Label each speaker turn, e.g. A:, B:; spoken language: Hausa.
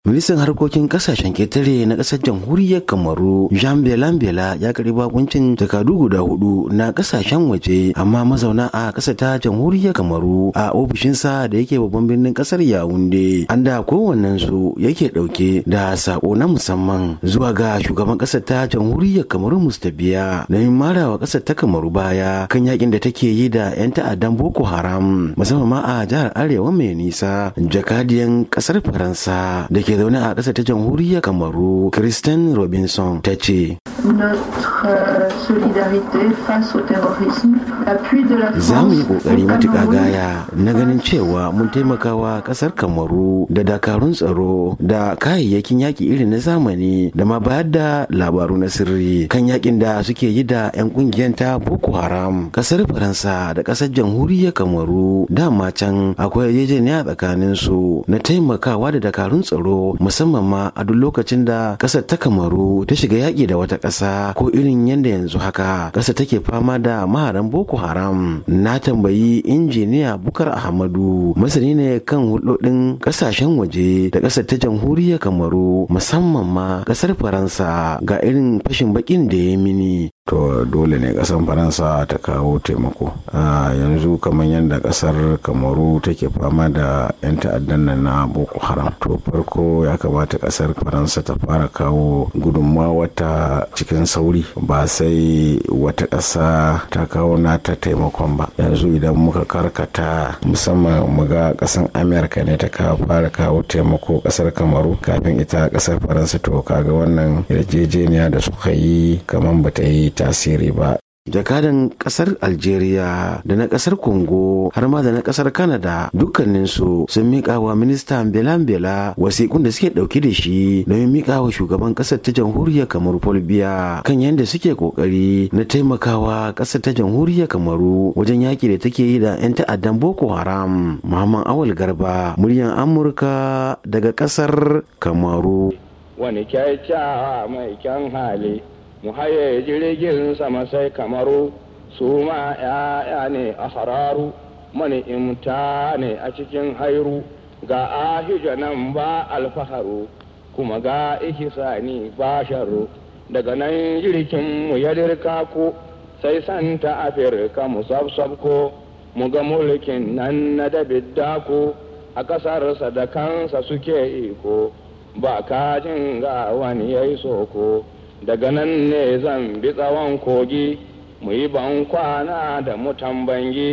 A: Ministan harkokin kasashen ketare na kasar jamhuriyar Kamaru Jean Belambela ya karbi bakuncin takardu guda hudu na kasashen waje amma mazauna a kasar ta jamhuriyar Kamaru a ofishinsa da yake babban birnin kasar Yaounde an da kowannen su yake dauke da sako na musamman zuwa ga shugaban kasar ta jamhuriyar Kamaru Mustabiya na yin marawa kasar ta Kamaru baya kan yakin da take yi da yan ta'addan Boko Haram musamman a jihar Arewa mai nisa jakadiyan kasar Faransa da ke zaune a ƙasa ta jamhuriyar kamaru Kristen Robinson ta ce.
B: Euh,
A: zamu yi ƙoƙari matuƙa gaya na ganin cewa mun taimakawa ƙasar Kamaru da dakarun tsaro da kayayyakin yaƙi irin na zamani da ma bayar da labaru na sirri kan yaƙin da suke yi da 'yan ƙungiyar ta Boko Haram. Ƙasar Faransa da ƙasar Jamhuriyar Kamaru dama can akwai yarjejeniya tsakanin su na taimakawa da dakarun tsaro musamman ma a duk lokacin da ƙasar ta Kamaru ta shiga yaƙi da wata ƙasa. ƙasa ko irin yadda yanzu haka ƙasa take fama da maharan boko haram na tambayi injiniya bukar ahmadu masani ne kan hulɗoɗin ƙasashen waje da ƙasar ta jamhuriyar kamaru musamman ma ƙasar faransa ga irin fashin bakin da ya mini to dole ne kasan faransa ta kawo taimako yanzu kamar yadda kasar kamaru take fama da 'yan ta'addan nan na boko haram to farko ya kamata kasar faransa ta fara kawo gudunmawa wata cikin sauri ba sai wata ƙasa ta kawo na ta taimakon ba yanzu idan muka karkata musamman ga ƙasan amerika ne ta fara kawo taimako ƙasar kamaru kafin ita ƙasar faransa to kaga wannan yarjejeniya da suka yi kamar ba ta yi tasiri ba jakadan kasar algeria da na kasar congo har ma da na kasar canada dukkaninsu sun miƙa wa minista belan bela wasiƙun da suke ɗauki da shi don mika wa shugaban ƙasar ta jamhuriyar kamaru paul biya kan yadda suke ƙoƙari na taimakawa ƙasar ta jamhuriyar kamaru wajen yaƙi da take yi da 'yan ta'addan boko haram muhammad awal garba muryan amurka daga ƙasar kamaru
B: wani kyakkyawa mai kyan hali mu haye jirgin sama sai kamaru su ma ‘ya'ya ne a hararu mani imta ne a cikin hairu ga ahija nan ba alfaharu kuma ga ihisani ba sharu daga nan jirgin mu ya dirka ko sai santa afirka mu sabsabko mu ga mulkin nan na dabidda ko a ƙasarsa da kansa suke iko ba kajin ga wani ya yi soko. daga nan ne zan bi tsawon kogi mu yi ban kwana da mutan bangi